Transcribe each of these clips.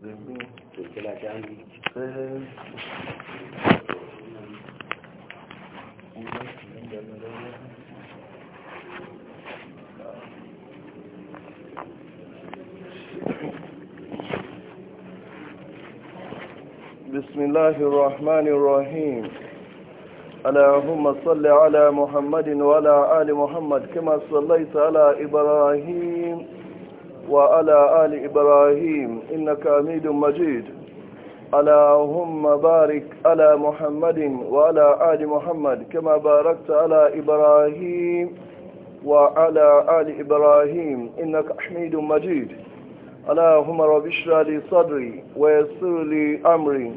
بسم الله الرحمن الرحيم اللهم صل على محمد وعلى آل محمد كما صليت على إبراهيم وعلى آل إبراهيم إنك أميد مجيد اللهم بارك على محمد وعلى آل محمد كما باركت على إبراهيم وعلى آل إبراهيم إنك حميد مجيد اللهم رب اشرح لي صدري ويسر لي أمري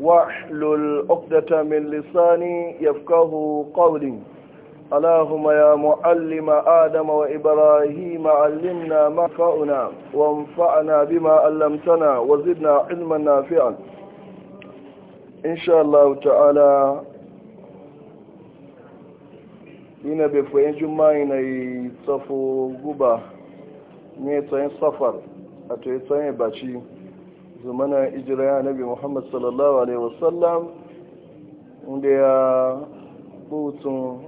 واحلل عقدة من لساني يفقهوا قولي اللهم يا معلم آدم وإبراهيم علمنا ما فعنا وانفعنا بما علمتنا وزدنا علما نافعا إن شاء الله تعالى ina bai fayin juma'i na yi tsafo guba ne tsayin safar a ta yi tsayin baci zumana ijiraya nabi muhammad sallallahu alaihi wasallam inda ya butun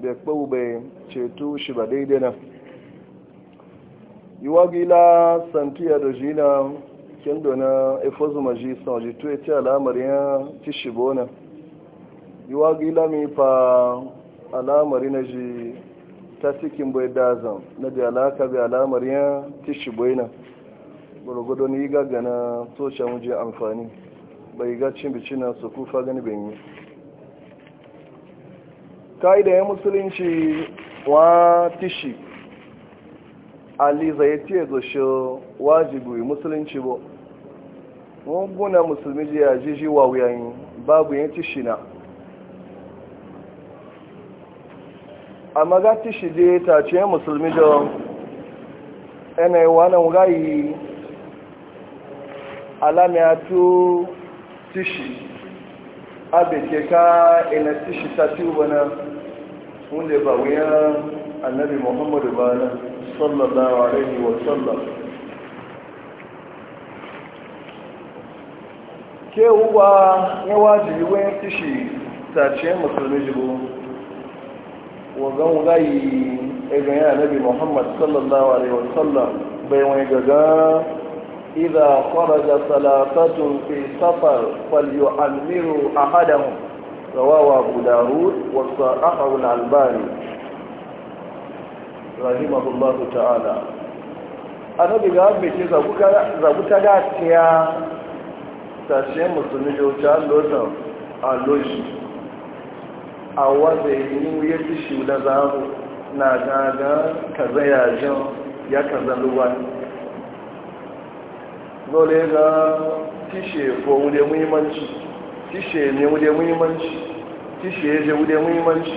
ya kpau bai ceto shi ba daidai na yiwa gila santiya da jina kendo na efozu maji san ji tuwe ti alamar ya ti shibo Yi yiwa gila mi fa alamar na ji ta cikin bai dazan na da alaka bai alamar ya ti shibo na gwargwado ni gaga na tocen wujen amfani bai ga cin bici na su kufa gani bai yi ka'ida ya musulunci wa tishi ali zai ce zo shi wajibu musulunci bo muna musulmi ji ajiji jiji wa wuyayi babu yin tishi na amma ga tishi je ta ce musulmi da yanayi wannan rayi alamiya tu tishi abeke ka ina tishi ta tuba na wanda ba wuya annabi muhammadu ba na sallallahu alaihi wa sallam ke uwa ya wajibi wuyan tishi tace musulmi jibo wagan gayi egan ya annabi muhammadu sallallahu alaihi wa sallam bai wani gaga إذا خرج ثلاثة في سفر فليعمروا أحدهم رواه أبو داود وصححه الألباني رحمه الله تعالى annabi ga mai ce zabu ta gaciya tashe musulmi jauta lotan a loshi a wanda yi ya ci shi na zamu na gaga kaza ya kaza luwani dole ga kishe ko wude muhimmanci kishe ne wude muhimmanci kishe je wude muhimmanci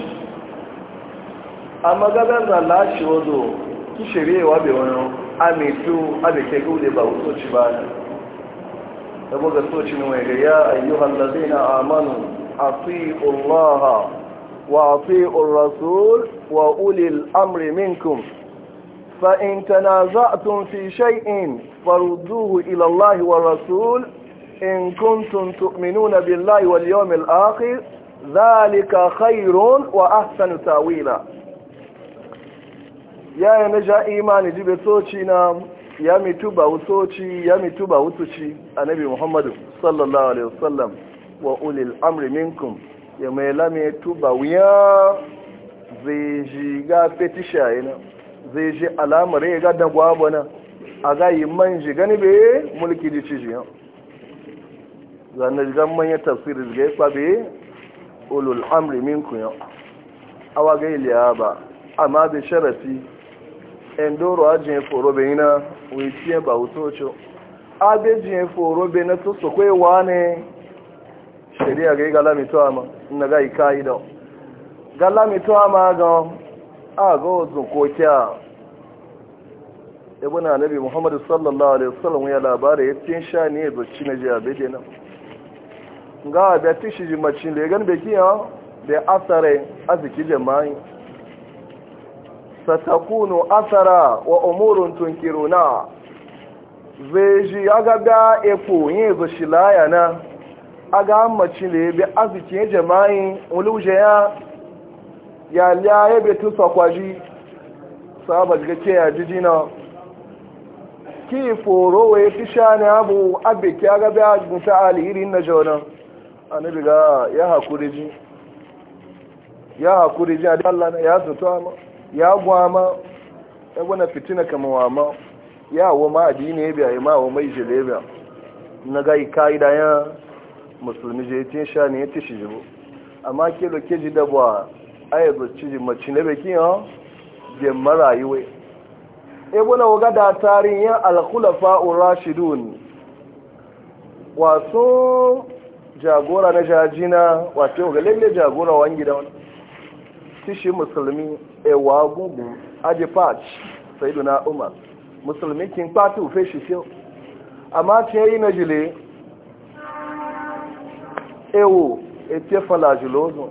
amma gagar da lashe wazo kishe rewa bai wani amitu abike gude ba wutoci ba ne da buga socin mai ga ya ayyuhan lazina amanu a fi'ullaha wa a fi'ur rasul wa ulil amri minkum فإن تنازعتم في شيء farudduhu ila Allah wa rasul in kuntum tu'minuna billahi wal yawmil akhir dhalika khairun wa ahsanu tawila ya yanja imani jibe tochi na ya mituba ya mituba utuchi anabi muhammad sallallahu alaihi wasallam wa ulil amri minkum ya melame tuba wiya zeji ga petisha ina zeji alamare ga dagwa bana a gayi man shi gani be mulki di ci jiyan zanen gan manyan tafsir ga ya kwabe ulul amri min kuyan awa ga iliya ba amma da sharafi endoro ajiyar foro bai yana wuciye ba wutocho abejiyar foro bai na tuso kwaiwa ne shari'a ga yi galamito ama na ga yi gala galamito ama ga k'o kokiya ibn annabi muhammad sallallahu alaihi wasallam ya labara ya tin sha ne ya zoci na ji abe kenan ga da tishi ji macin da gan be kiya da asare aziki jama'i satakunu asara wa umurun tunkiruna zai ji ya ga eko ya yin zo shi laya na aga macin da be aziki jama'i uluje ya ya liya ya be tusa kwaji sahabat ga ke ya jijina ki foro wa ya fi shani abu abu ki aga bi ajin ta na na a annabi ga ya hakuri ji ya hakuri ji Allah na ya zuto ama ya gwama ya gwana fitina kama wa ma ya wa ma adini ya biya ya ma wa mai jile biya na ga i ya musulmi je tin shani ya tishi jibo amma ke loke ji dabwa ayyuka ci ji mace ne baki ha je marayuwe ebuna waga da tarihin alkhulafa rashidun wasu jagora na jajina wato ga lalle jagora wangi da wani tishi musulmi ewa gugu aji patch sayyiduna umar musulmi kin pati ufe shi shi amma ce yi na jile ewo ete falajilozo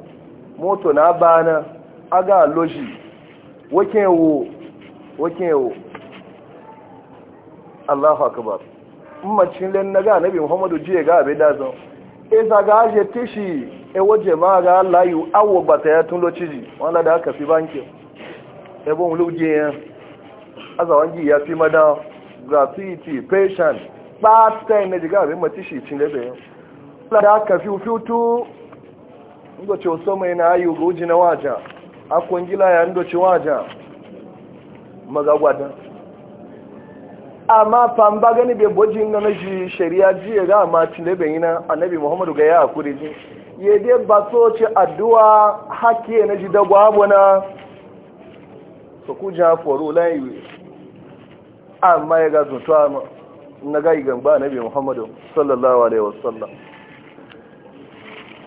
moto na bana aga loji wake wo wakin yau allahu akbar macin len na ga nabi muhammadu jiya ga abin dazan e zaga aje tishi e waje ma ga layu awo bata ya tun lociji wala da aka fi banki e bon luje ya azawangi ya fi mada graffiti, patient part time ne diga abin matishi cin lebe wala da aka fi fitu ndo ce oso mai na ayu goji na waja akon gila ya ndo ce waja magagwada amma famba gani bai bojin na nashi shari'a jiya ga amma tilebe yana annabi muhammadu ga ya hakuri ji ya dai ba so ce addu'a hake na ji dagwa abuna su ku ja foro layi amma ya ga zutuwa na ga igamba annabi muhammadu sallallahu alaihi wasallam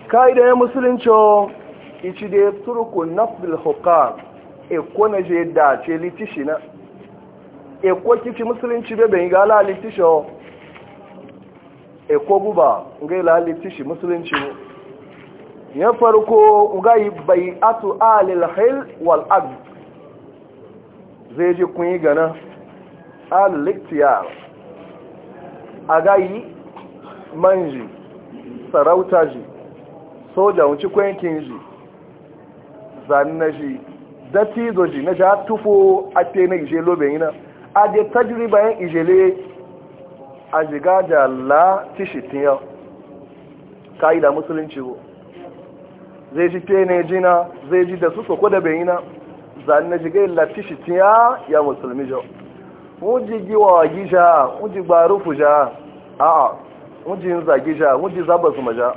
ka'ida ya musulunci ichi dai turku nafil hukam eko na je dace litishi na eko kici musulunci bebe yi gala litishi o eko guba ga ila litishi musulunci mu ya farko ga yi bai atu alil hil wal ag zai ji kun yi gana aliktiyar a ga yi manji sarauta ji soja wuci kwenkin ji zanna ji dati doji na ja tufo a te na ije lobe yana a je tajiri bayan ijele a jiga da la tishi tiya da musulunci ko zai ji te ne jina zai ji da su ko da bayina zan na jiga la tishi tiya ya musulmi jo ji giwa gija ji gbarufu ja a'a ja mu ji zaba su maja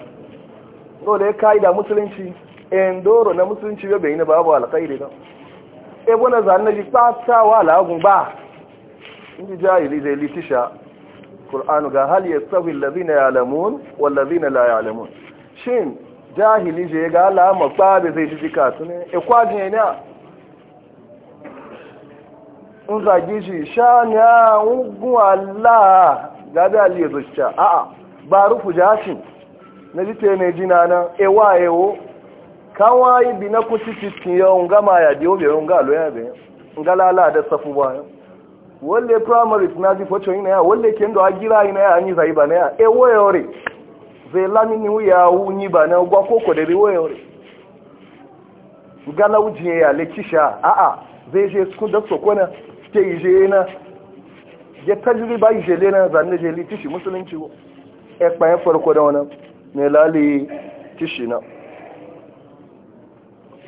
dole da musulunci endoro na musulunci bai bai na babu alkhairi na e bona za na ji tsatsawa lagun ba inji jahili zai litisha qur'anu ga hal yastawi allazina ya'lamun wal ladina la ya'lamun shin jahili je ga alama ma babe zai ji kasu ne e kwaje ne na. in zagi shi sha ya ugun Allah ga da aliyu zuciya a'a ba rufu jashin na ji te ne jina nan ewa ewo kawai bi na kusi cikin ya nga ma ya diyo biyo nga lo ya be nga lala da safu ba wale primary na ji focho ina ya walle kendo agira ina ya anyi zai ba na ya e ore zai lami ni ya wu ni ba na gwa koko da bi woyore nga la uji ya le kisha a a zai je su da sokona ke je na ya tajriba je le na zanne je li tishi musulunci e e ko e pa ya farko da wannan ne lali tishi na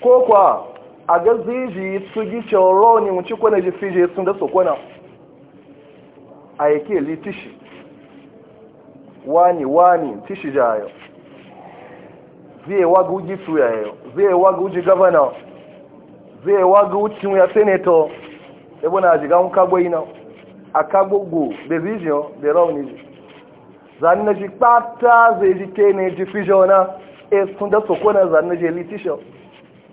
ko kwa a ga ziji su gi coro ne wuce kwana ji sun da su a yake li tishi wani wani tishi jayo zai wagu uji su yayo zai wagu ji gavana zai wagu uci ya senator ebe na ji gawon kagbo ina a kagbo go da zijiyo da rauni ji zani na ji kpata zai ji ke ne ji e sun da su zani na ji li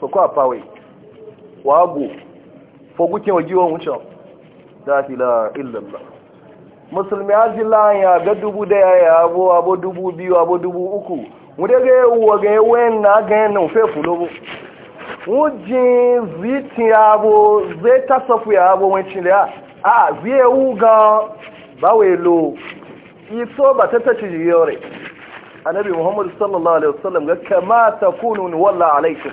so kwa pawe wagu fogukin wajiwon wucin la ila illallah musulmi ajila ya ga dubu daya ya abo abo dubu biyu abo dubu uku wadda ga yawuwa ga yawon na ga yanin fefu lobo wujin zitin ya abo zai tasafu ya abo wancin da a zai yawu ga bawelo iso ba ta tace jiyore annabi muhammadu sallallahu alaihi wasallam ga kama takunu walla alaikum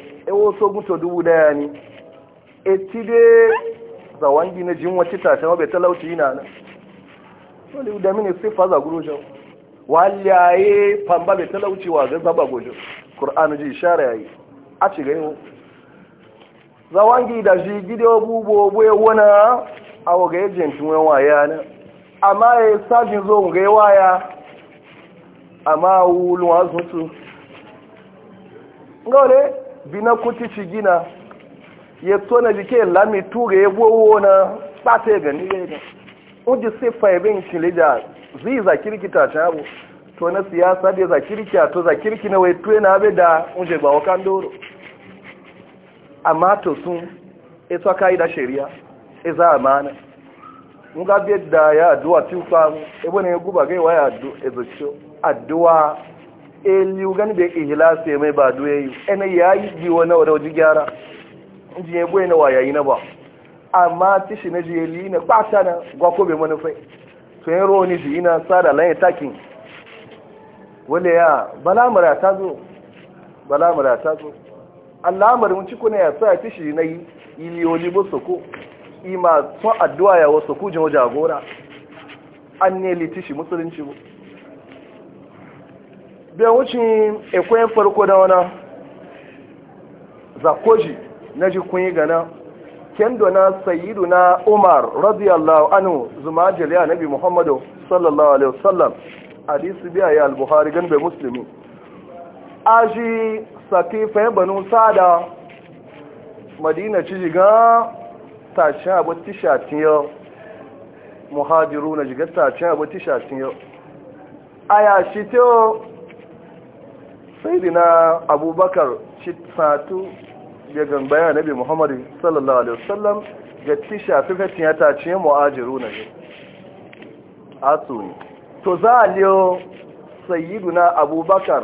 e wasu guto dubu daya ne e ti dai zawangi na jin wacce ta tawa bai talauci yana nan wani da mini sai faza gurujan waliyaye famba be talauci wa ga zaba gurujan ƙur'anu ji ishara yayi a ci ga yau zawangi da shi gida bubo bai wana a waga ya jentin wani waya na amma e ya yi sajin zo ga waya amma wuluwa sun su ga wale bina kuti shigina ya tona jike lami ture ya gwowo na ɓata ya gani ya ga uji ya bin kilija zai zakirki ta shabu to na siyasa da zakirki a to zakirki na wai tuwe na abe da uje ba wakan doro amma to sun ito e aka yi da shari'a e amana mun ga da ya addu'a tun samu ebe ne ya guba gaiwa ya addu'a eliu gani da ihlasi mai ba duye yi ena yi ji wani wa dauji gyara ji ya buye na wa yi na ba amma tishi na ji eli na kwata na gwako bai manufai to yin roni ji ina sada lan takin wale ya bala mara ta zo bala mara ta zo Allah mara mun ciko ne ya sa tishi na yi iliyoli bo soko ima to addu'a ya wasu kujin jagora an ne litishi musulunci bo bai wucin ikwayen farko da wana zakoji na ji kunyi gana kendo na sayidu na umar radiyallahu anu zuma jaliya nabi muhammadu sallallahu alaihi wasallam hadisi biya ya al-buhari gan bai musulmi aji sakifayen banu sada madina ci jiga tashin abu tishatin yau muhajiru na jigar tashin abu tishatin yau a yashi teo sayidina dina abubakar satu ya gambaya nabi muhammadu sallallahu alaihi wasallam ga ci shafi fetin ya tace mu'ajiru na shi asu ne to za a liyo sayiduna abubakar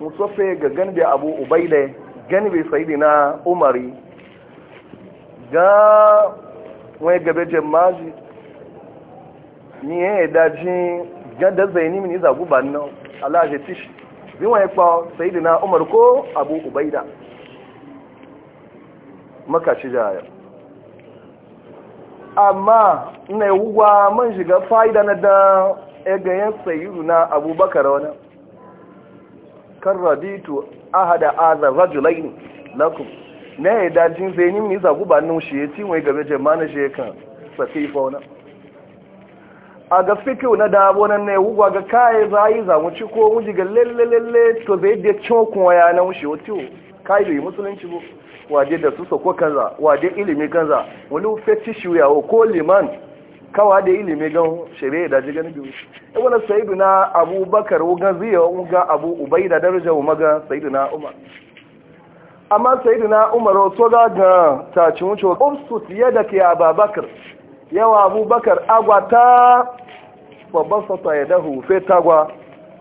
musofe ga ganbe abu ubaide ganbe sayidina umari ga wani gabe jemaji ni ya yi daji ganda zaini mini zagu nan alaje tishi bi wa yakpa na umar ko abu ubaida maka jaya amma na yawuwa man shiga fa'ida na da egayen na abubakar wani kan raditu ahada azar rajulaini lakum na ya dajin zai yi nisa shi ya ci wai gabe jama'a na shi ya kan safi fauna a ga fikiu na dabo nan ne wugwa ga kai zai za mu ci ko muji ga lalle lalle to zai da cin kuma ya nan shi wato kai da musulunci bo waje da su sako kaza waje ilimi kaza wani fetish shi ko liman kawa da ilimi gan shari'a da jigan biyu e wala sayyidina abubakar wuga ziya wuga abu ubaida daraja wuga ga sayyidina umar amma sayyidina umar to ga ga ta ci wuce ubsut da ke ababakar yawa abubakar Agwa ta sata ya dahu fai tagwa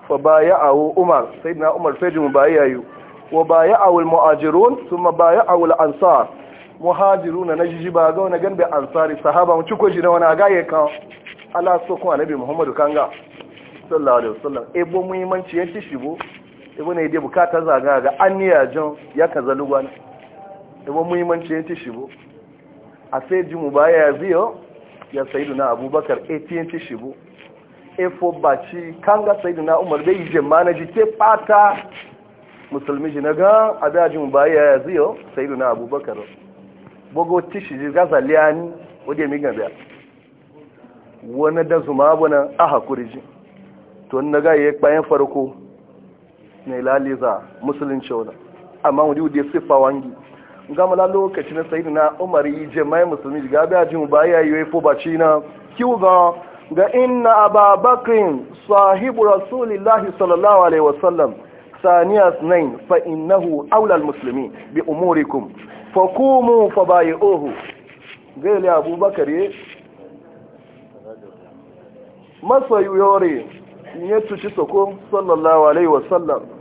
fa ba ya awo umar sai na umar fai jimu ba ya yi wa ba ya awul mu'ajirun su ma ba ya awul ansar muhajiru na najiji ba ga wani ganbe ansari sahaba mu ciko na wani agaye kan ala so kuma nabi muhammadu kanga sallallahu alaihi wasallam ebo muhimmanci yanci E bo ne dai bukata zaga ga anniya jan ya kaza lugwana bo muhimmanci yanci shigo a sai jimu ba ya ziyo ya na abubakar atnt eh, shibu efo eh, baci kanga na umar bai je ji ke fata musulmi ji na gan adajin baya ya ziyo na abubakar bogo tishi ji gaza liyani wadda mi gaza wani da zuma abuna a hakuri ji to na ga yi bayan farko na ilaliza musulun cewa amma wani ya siffa wangi gama na lokaci na sayi na umar yi jama'i musulmi ga biya jin ba ya yi fo baci na kiwu ga ga inna ababakrin sahibu rasulillahi sallallahu alaihi wasallam saniya snain fa innahu aula Musulmi, bi umurikum fa kumu fa bayi'uhu gaili abubakar ye yi yore ya tuci soko sallallahu alaihi wasallam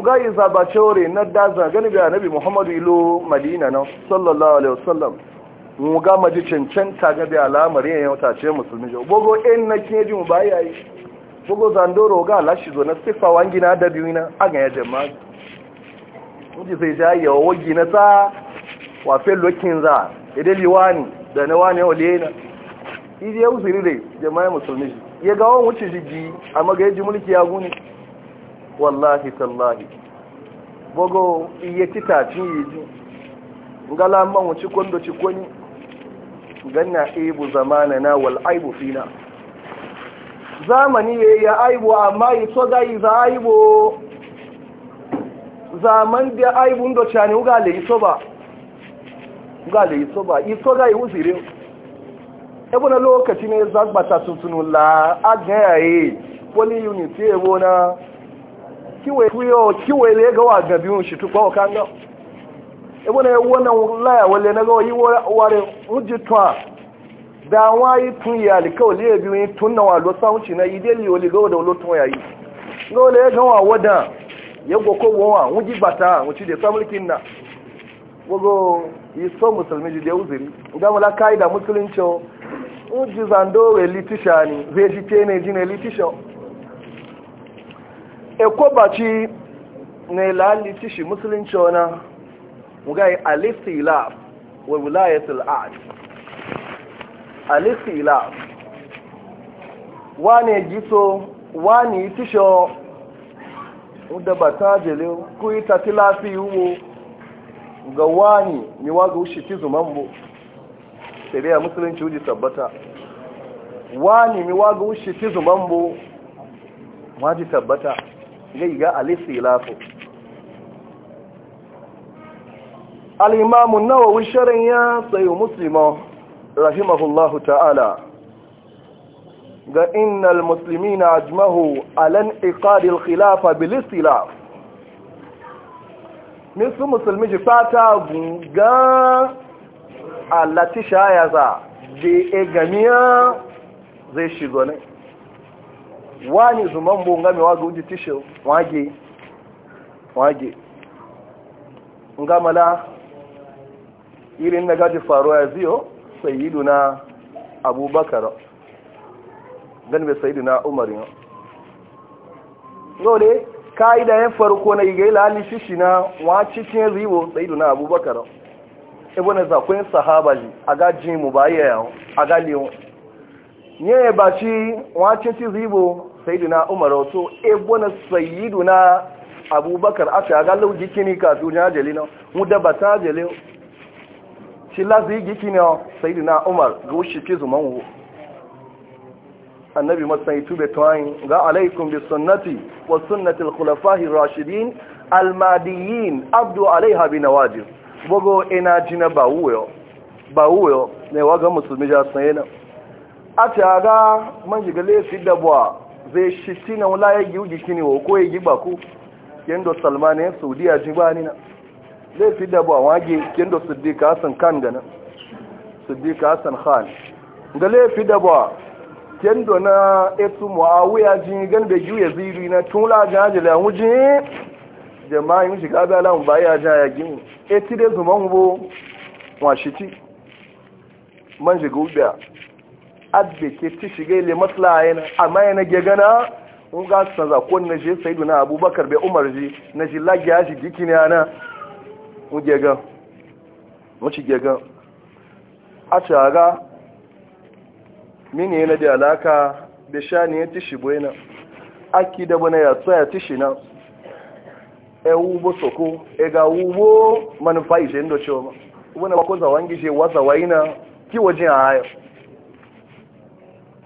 nga yi zaba cewa na daza gani biya nabi muhammadu ilo madina na sallallahu alaihi wasallam Muga maji cancanta ga bi alamar yin yauta ce musulmi jau bogo en na kin mu baya yi bogo zandoro ga lashi zo na sifa wangi na da biyu na aga ya jama'a muji sai ja ya wagi na sa wafe lokin za idan liwani da na wani olena Iji ya usiri dai jama'a musulmi ya ga wani wuce jiji amma ga yaji mulki ya gune wallahi tallahi bogo iya kita cin yiji ngala man wuci kondo ci koni ganna ibu zamana na wal aibu fina zamani ya ya aibu amma yi so ga yi za aibu zaman da aibu ndo chani uga le iso ba uga le iso ba iso ga yi uzire ebo na lokaci ne zagbata tuntunu la agaye wani unit ebo na kiwe kuyo kiwe le ga wa gabi un shi tukwa kan ga ebo ne wannan laya wale na ga yi ware uji twa da wayi tun ya li ko le bi tun na wa lo sa un shi na ide li oli ga da lo tun ya yi ga le ga wa wada ya go ko wa uji bata mu ci de samulkin na gogo yi so musulmi ji da uzuri ga mala kai da musulunci uji zando we litishani zai ji eko baci ne laliti shi musulunci wana mugayi alistilaf wa wilayatul ard alistilaf wane giso wani tisho da ba ta jele ku yi ta tilafi wo ga wani ni waga wuce ti zuman bu shari'a musulunci wuji tabbata wani ni waga wuce ti zuman bu waji tabbata zai ga alisilafu al'imamun nawawi sharin ya tsaye musulman rahimahullahu ta'ala ga innal musulmi na ajmahu alan ikadil khilafa bilisila, nisu musulmi ji fata ga alatisha ya za je egamiya zai shigo ne wani zuman bo nga mi waga uji tisho wage wage nga irin na gaji faruwa ya ziyo sayyiduna abubakar dan be na. umar yo gole kaida ya farko na igai lali shishi na wacikin cikin zibo sayyiduna abubakar ibn Sahabali sahaba ji aga jimu baye yawo aga liyo nye ba ci zibo sayyidina umar wato ebona eh, sayiduna abubakar aka ga lauji kini ka duniya jelina mu da bata jelin shi zai giki ne sayiduna umar ga wuce ki zuman wo annabi sai tube tawayin ga alaikum bi sunnati wa sunnati al-khulafa'i rashidin al madiyin abdu alaiha bi nawajib bogo ina jina ba wuyo ba wuyo ne waga musulmi ja sayena a ta ga man shiga lefi dabuwa zai shi shi na wula ya giyu jiki ne wa ko ya giba ku kendo salmanin ya saudiya ji ba ni na zai fi da ba wage kendo siddiqa hassan khan gana siddiqa hassan khan ga fi da ba kendo na etu muawiya ji gan da giyu ya ziri na tun la jaji la wuje jama'a yin shiga da lan ba ya ja ya gimu eti da zuman bo wa ci. man jiga ubiya abbe ke ti shiga ile maslaha yana amma yana ge gana mun ga san za ko na je saidu na abubakar bai umar ji na ji lagiya shi diki ne ana mu ge ga mu ci ge ga a shaga mini yana da alaka da shani ya tishi buena aki da bana ya tsaya tishi na e wubo soko e ga wubo manufa ishe ndo choma wani wakoza wangi je waza waina kiwo a ayo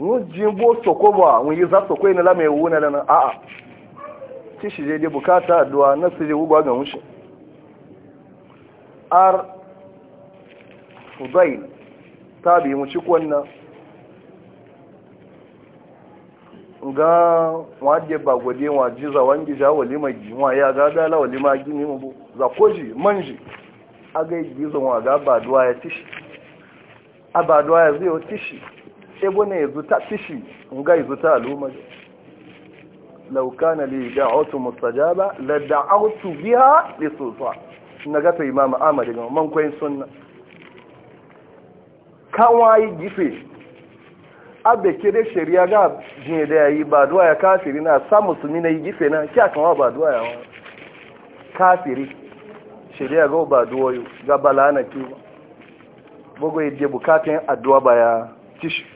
nujin bo soko ba mun yi za soko ina lamai wuna lana a'a ci shi je dai bukata addu'a na su je ugwa ga mushi ar fudail ta bi mu kwanna ga wadde ba gode wa jiza wangi wali walima giwa ya ga dala walima gini mu za koji manji aga yi gizon wa ba duwa ya tishi a ba duwa ya zai tishi ebo ne yanzu ta tishi nga yanzu ta al'umma law kana li da'atu mustajaba la da'awtu biha li na gafa imam Amadi ga mankoyin koyin sunna kawai gife abe kede shari'a ga jini da yayi ba duwa ya kafiri na sa musulmi na yi gife na kya kanwa ba duwa ya kafiri shari'a ga ba duwa ga na ki bugo yadda bukatun addu'a baya tishi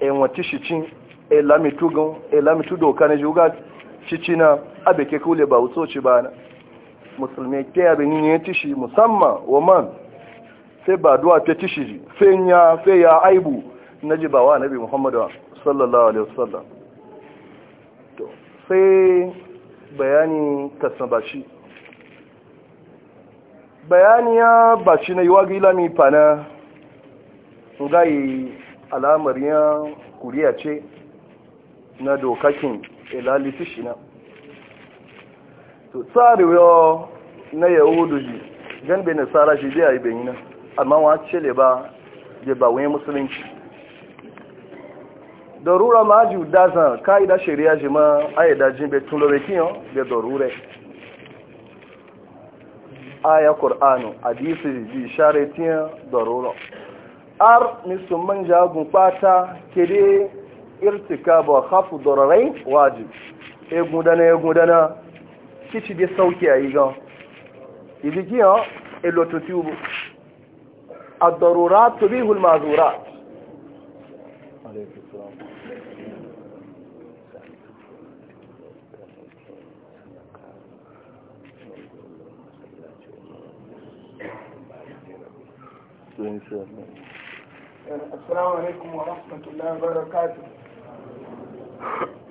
enwati shicin elamitu gan elamitu doka na juga shicina abeke kule ba wutoci ba na musulmi ke abin yin ya tishi musamman wa man sai ba duwa ta tishi ji fenya feya aibu na ji ba wa nabi muhammadu sallallahu alaihi wasallam to sai bayani kasabashi bayani ya bashi na yiwa gila mi fana ngayi alamar yan kuriya ce na dokakin ilalisi shina to tsariwa na yahudu ji gan bai nasara shi biya ibe yana amma wa ce le ba je ba wani musulunci darura ma ji dazan ka'ida shari'a ji ma ayyada jin bai tun lobe kiyon bai darure aya ƙor'anu hadisi ji sharetin darura ar misun man jagun fata kere irtika ba hafu dorarai wajib egun dana egun dana kici da sauki a yi gan ibigiyan elototubu a darura bi mazura Thank you. Assalamu alaikum wa rahmatullahi wa barakatuh.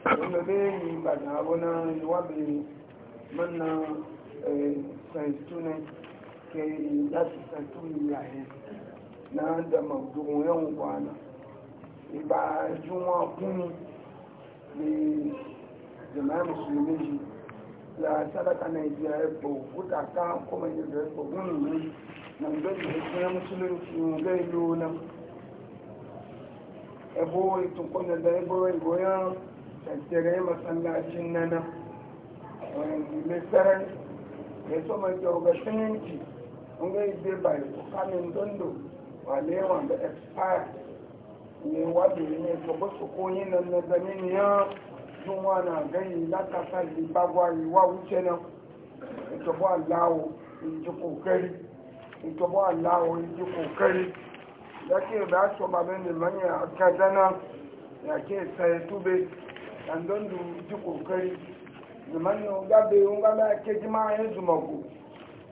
Wanda zai yi ba da abuna yawabi manna saitu ne ke lati saitu yayi na da mabdugun yan kwana. Iba juma kuni ne jama'a musulmi shi la sadaka Nigeria ko kuta ka kuma yin da ko gunni nan da ne musulunci ga yi nan. ebo tukuna da ebo goyon tattare masallacin nana wani misarar ya so mai kyaugashin yanki kun ga ibe bai kamin dondo wale wanda expire ne wadda ne to ba su koyi nan na zamini ya tun na gani lakasa libagwari wa wuce nan ita bu lawo in ji kokari ita ba lawo in ji kokari yake ba su da manya a kazana yake sai tube an don du ji kokari limanya gabe yun gaba ake jima yin zumaku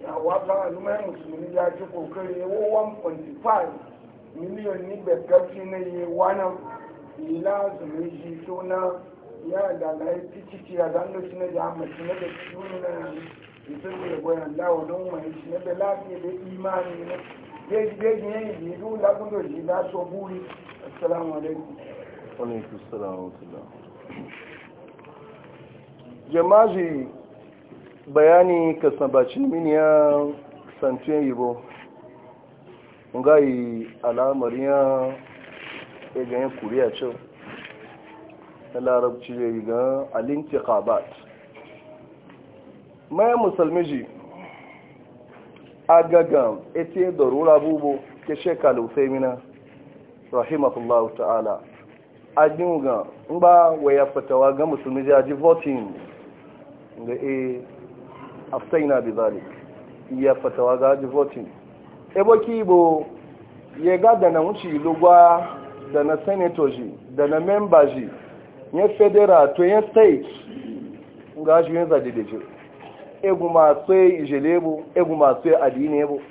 ya wata alumai musulmi ya ji kokari ya wo 1.5 miliyon ni bekafi na yi wani ila zumi ji suna ya da lai titi ya zanga shi na jama'a shi na da shi na yi sun da ya goya lawa don wani shi na da lafiya da imani ne. déjì bayani kasnabacin miniya santiyan yibo ngayi alamariya egayen kuriya ce na larabci ya yi ga alinti kabat musulmi ji agagam ete darura bubu ke shekalu femina rahimahullahu ta'ala ajinuga in ba waya fatawa ga musulmi jaji votin ga e aftaina bi zalik ya fatawa ga ji votin ebo kibo ya ga da na wuce lugwa da na senator ji da na member ji ya federal to ya state ga aji yin zaje da egu masu ijele bu egu masu adini bu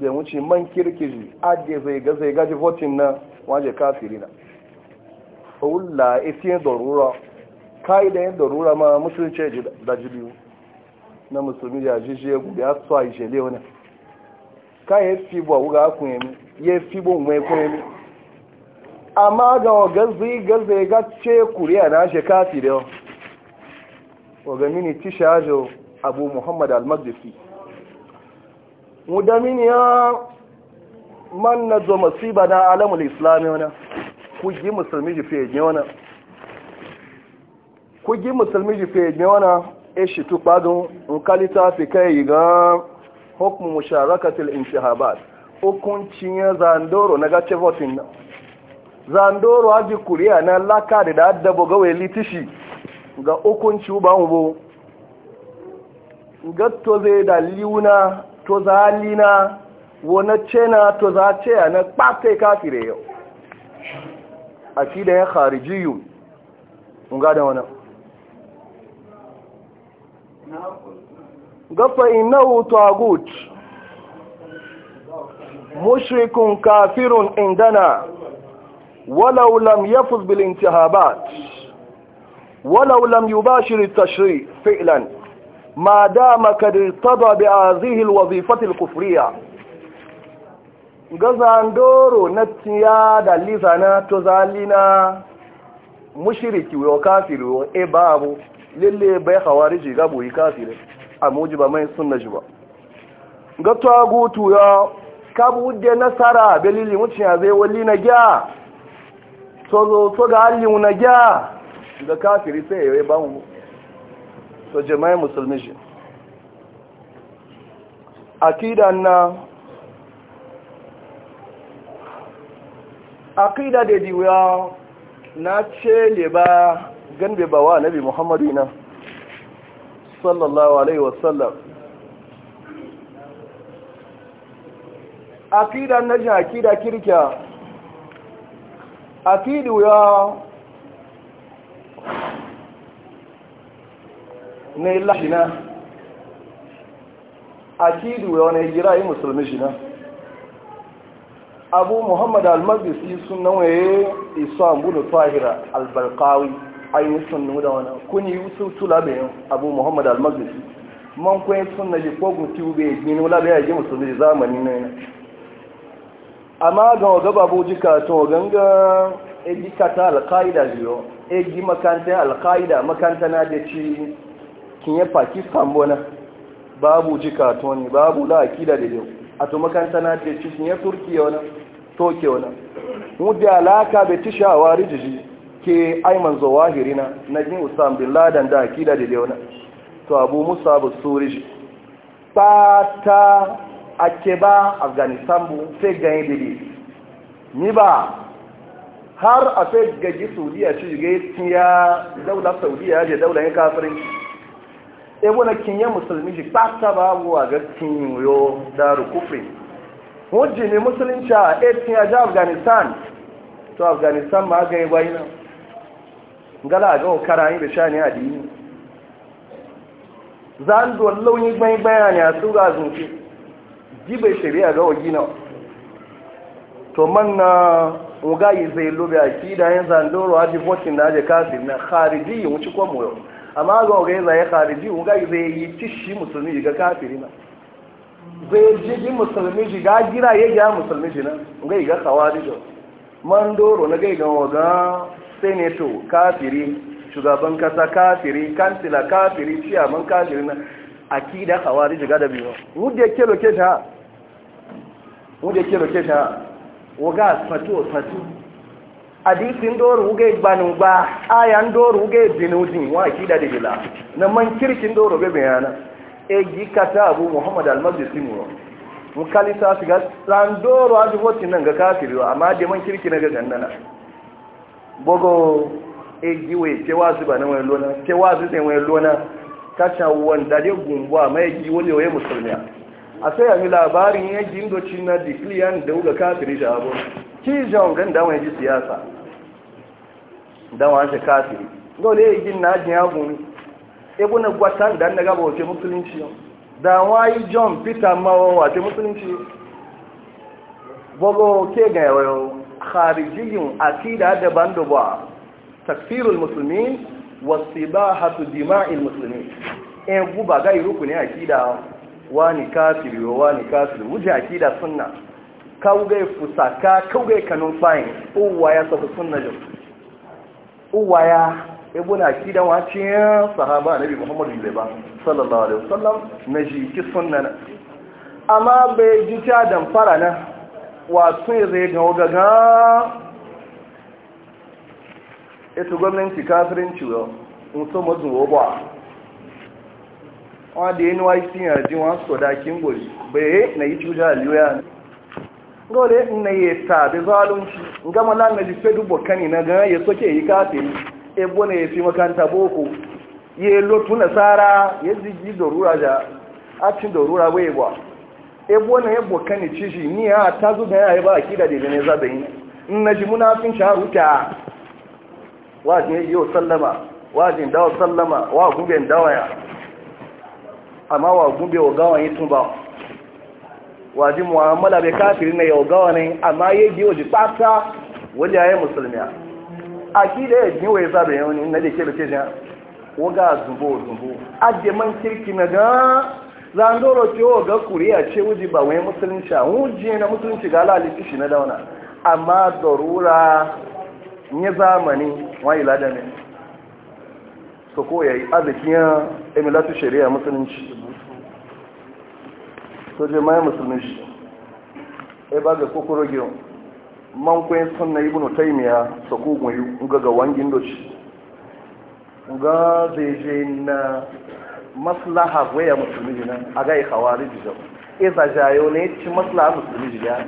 da wuce man kirkiji adde zai ga zai gaji votin na waje kafiri na ulla itin darura kai da yin darura ma musulunci da jibiyu na musulmi ya egwu gu ya a ijele wani Ka ya fi bu wuga akun yemi ya fi bu mai kun yemi amma ga gazi gazi ga ce kuriya na shi kafiri wa ga mini tishajo abu muhammad al-magdisi mudamin ya man na zo masiba na alamul islami wani kugi musulmi ji fiye ne wani kugi musulmi ji fiye ne wani e shi tukpadun nkalita fi kai yi gan hukumu musharakatul intihabat hukuncin ya zandoro na gace votin nan zandoro haji kuriya na laka da da adabo gawai litishi ga hukunci ba mu Gato zai da liuna to za lina ce cena to za a na kpatai kafire yau a fi da ya khariji yi ga gada wani gafa inahu tagut mushrikun kafirun indana walau lam yafuz bil intihabat walau lam yubashir shiri, tashrih fi'lan ما دام قد ارتضى بهذه الوظيفة الكفرية gazandoro na tiya da lizana to zalina mushiriki wa kafiri wa e babu lalle bai hawariji gabo yi kafiri a mujiba mai sunna jiba ga tagutu ya kabu da nasara belili muciya zai wali na gya to zo to ga halin na gya da kafiri sai ya yi babu to jama'in musulmi shi akida na akida da diwa na ce le ba ganbe ba wa nabi muhammadu na sallallahu alaihi wasallam akida na jin akida kirkiya akidu wuya. na yi lahina akidu ya wani gira yi musulmi shi na abu muhammad al-magbisi sun nan waye iso ambulu tahira al-balkawi ainihin sun da wani kuni yusuf tula bayan abu muhammad al-magbisi man kwaye sun na ji kogun tube gini wula bayan yi musulmi zamani na yana amma ga gaba bu jika to ganga e jika ta al-qaida jiyo e ji al-qaida na da ci Kin ya pakistan bona babu ji katoni, babu la akida da yau a to makanta na ce ci kinye turkiya wana toke wana mu da alaka bai ci shawari shi, ke aiman hirina, na jin usam bin ladan da akida da yau na to abu musa shi. Ba ta ake ba afghanistan bu sai ganye dili ni ba har a sai gaji saudiya ci gaji ya daular saudiya ya je daular yin kafirin ebe na kinye musulmi ji kpata babu a ga kinyo daru kufri wujji ne musulunci a etin aja afghanistan to afghanistan ma ga yi na gala ga okara yi da sha ne adini zan do lauyi gbayin bayani a su ga zunci jibe shari'a ga wagina to man na ugayi zai lobe a kida yin zandoro a jibotin na aje kafin na khariji wuci kwamoyo amma ga ogai zai khariji ga zai yi tishi musulmi ga kafiri na zai jigi musulmi ji ga gira ya ga musulmi ji na yi ga kawari man doro na ga ga waga senator kafiri shugaban kasa kafiri kansila kafiri ciyaman kafiri na akida ji ga da biyo wudde ke loketa wudde ke loketa waga fatu fatu hadisin doru uge gbanu ba aya doru uge binudin wa akida da bila na man kirki doru be bayana e kata abu muhammad al-majlisi mu mukalisa shiga san doru aji jiboti nan ga wa amma da man kirki na ga gannana bogo e we cewa su ba na wani lona cewa su sai wani lona kacha wanda dai gumbwa mai e giwo wole waye musulmiya a sai a mi labarin yaji e indocin na dikliyan da uga kafiru da abu ki jan gan da wani ji siyasa da an shi kafiri dole ya gin e na jin yagun ebo na gwatan da na gaba wace musulunci da wani john peter mawa wace musulunci bogo ke ga yawayo kharijiyin akida da bando ba takfirul musulmi wasibahatu dima'il musulmi in guba e ga yi rukuni akida wani kafiri wani kafiri wuce akida sunna kawuga fusaka kawuga kanun fayin uwa ya saka sunna jin uwa ya ibuna kidan wacin sahaba nabi muhammadu zai ba sallallahu alaihi wasallam na jiki ki amma bai ji ta fara na wasu ya zai ga gaga ita gwamnati kafirin ciwo in so mazuwa ba wadda yi nyc yanzu wasu da kin bai na yi cuta aliyu yana dole na ya tabi zalunci gama lan na jife dubu kani na gana ya soke yi kafe ebo na ya fi makanta boko ya lotu nasara ya jiji dorura ja a cin dorura wai ba ebo na ya bokani cishi ni ya ta zo da ya ba a kida da ne za da yi na ji munafin wajen yi yau sallama wajen dawa sallama wa gumbe dawaya amma wa gube wa gawan yi tun ba waji mu'amala bai kafiri na yau gawa ne amma ya ji waje fata wani yayin musulmi a ki da ya ji wa ya sa da yawon na da ke da ke jan waga zumbo zumbo adde man kirki na ga zandoro ce wa ga kuriya ce wuji ba wai musulunci a wuje na musulunci ga lalita shi na dauna amma darura ya zamani wani ladanin su ko ya yi arzikin emilatu shari'a musulunci so je ma musulmi shi e ba ga kokoro giyo man kwen sunna ibnu taymiya so ko goyu ga ga wangin doci ga je na maslaha waya musulmi na aga yi khawarij jo e za jayo ne ci maslaha musulmi ya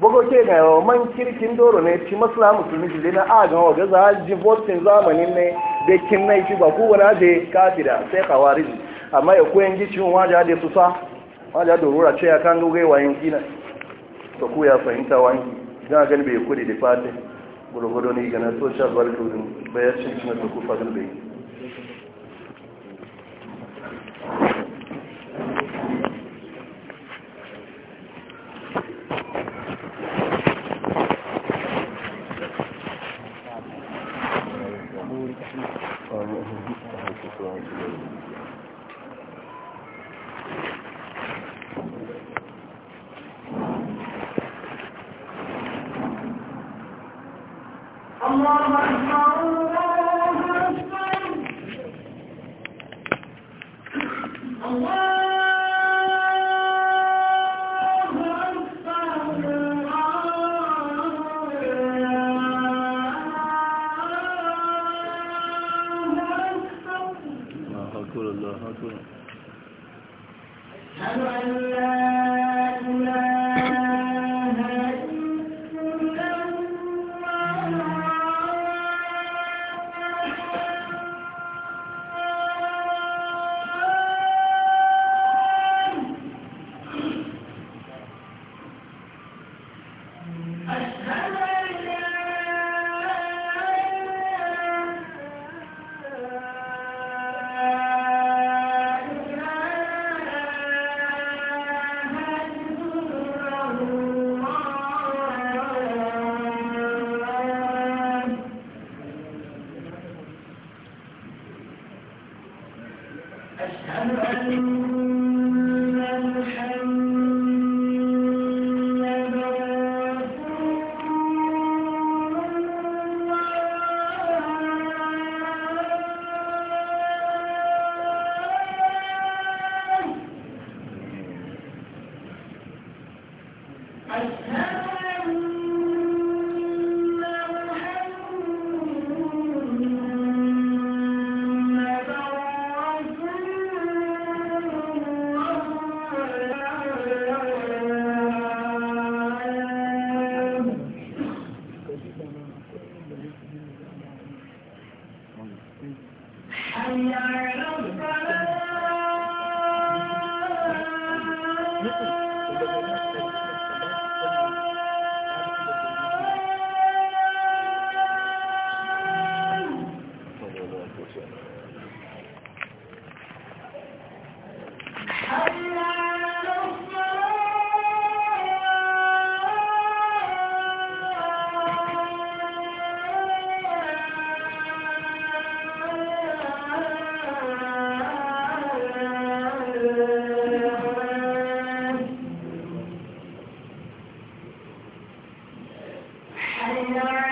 bugo ke ga man kirkin doro ne ci maslaha musulmi na a ga ga za ji votin zamanin ne da kin nai ci ba ku wala je kafira sai khawarij amma ya koyan gicin waje da su sa wani ya dorora ce ya kan gaugai wayan gina to ku ya fahimta wani gan gani bai kudi da fata gurgudu ne gana social value bayan cin cin da ku fadin bai النار